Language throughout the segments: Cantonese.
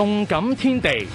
動感天地，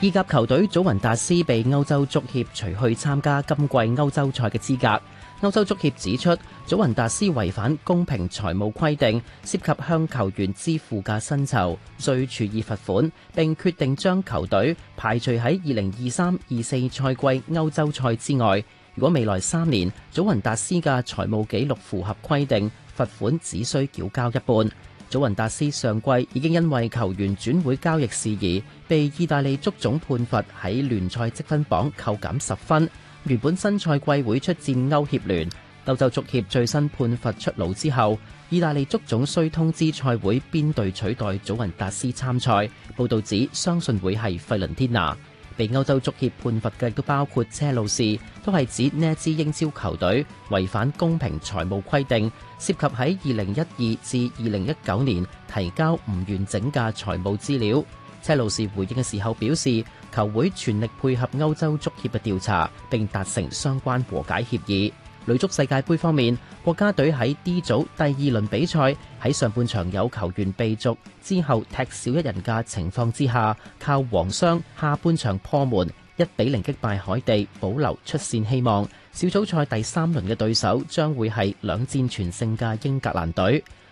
意甲球隊祖雲達斯被歐洲足協除去參加今季歐洲賽嘅資格。歐洲足協指出，祖雲達斯違反公平財務規定，涉及向球員支付嘅薪酬，需處以罰款，並決定將球隊排除喺二零二三二四賽季歐洲賽之外。如果未來三年祖雲達斯嘅財務記錄符合規定，罰款只需繳交一半。祖雲達斯上季已經因為球員轉會交易事宜，被意大利足總判罰喺聯賽積分榜扣減十分。原本新賽季會出戰歐協聯，歐洲足協最新判罰出爐之後，意大利足總需通知賽會邊隊取代祖雲達斯參賽。報道指，相信會係費倫天拿。被歐洲足協判罰嘅亦都包括車路士，都係指呢一支英超球隊違反公平財務規定，涉及喺二零一二至二零一九年提交唔完整嘅財務資料。車路士回應嘅時候表示，球會全力配合歐洲足協嘅調查，並達成相關和解協議。女足世界盃方面，國家隊喺 D 組第二輪比賽喺上半場有球員被逐之後踢少一人嘅情況之下，靠黃雙下半場破門，一比零擊敗海地，保留出線希望。小組賽第三輪嘅對手將會係兩戰全勝嘅英格蘭隊。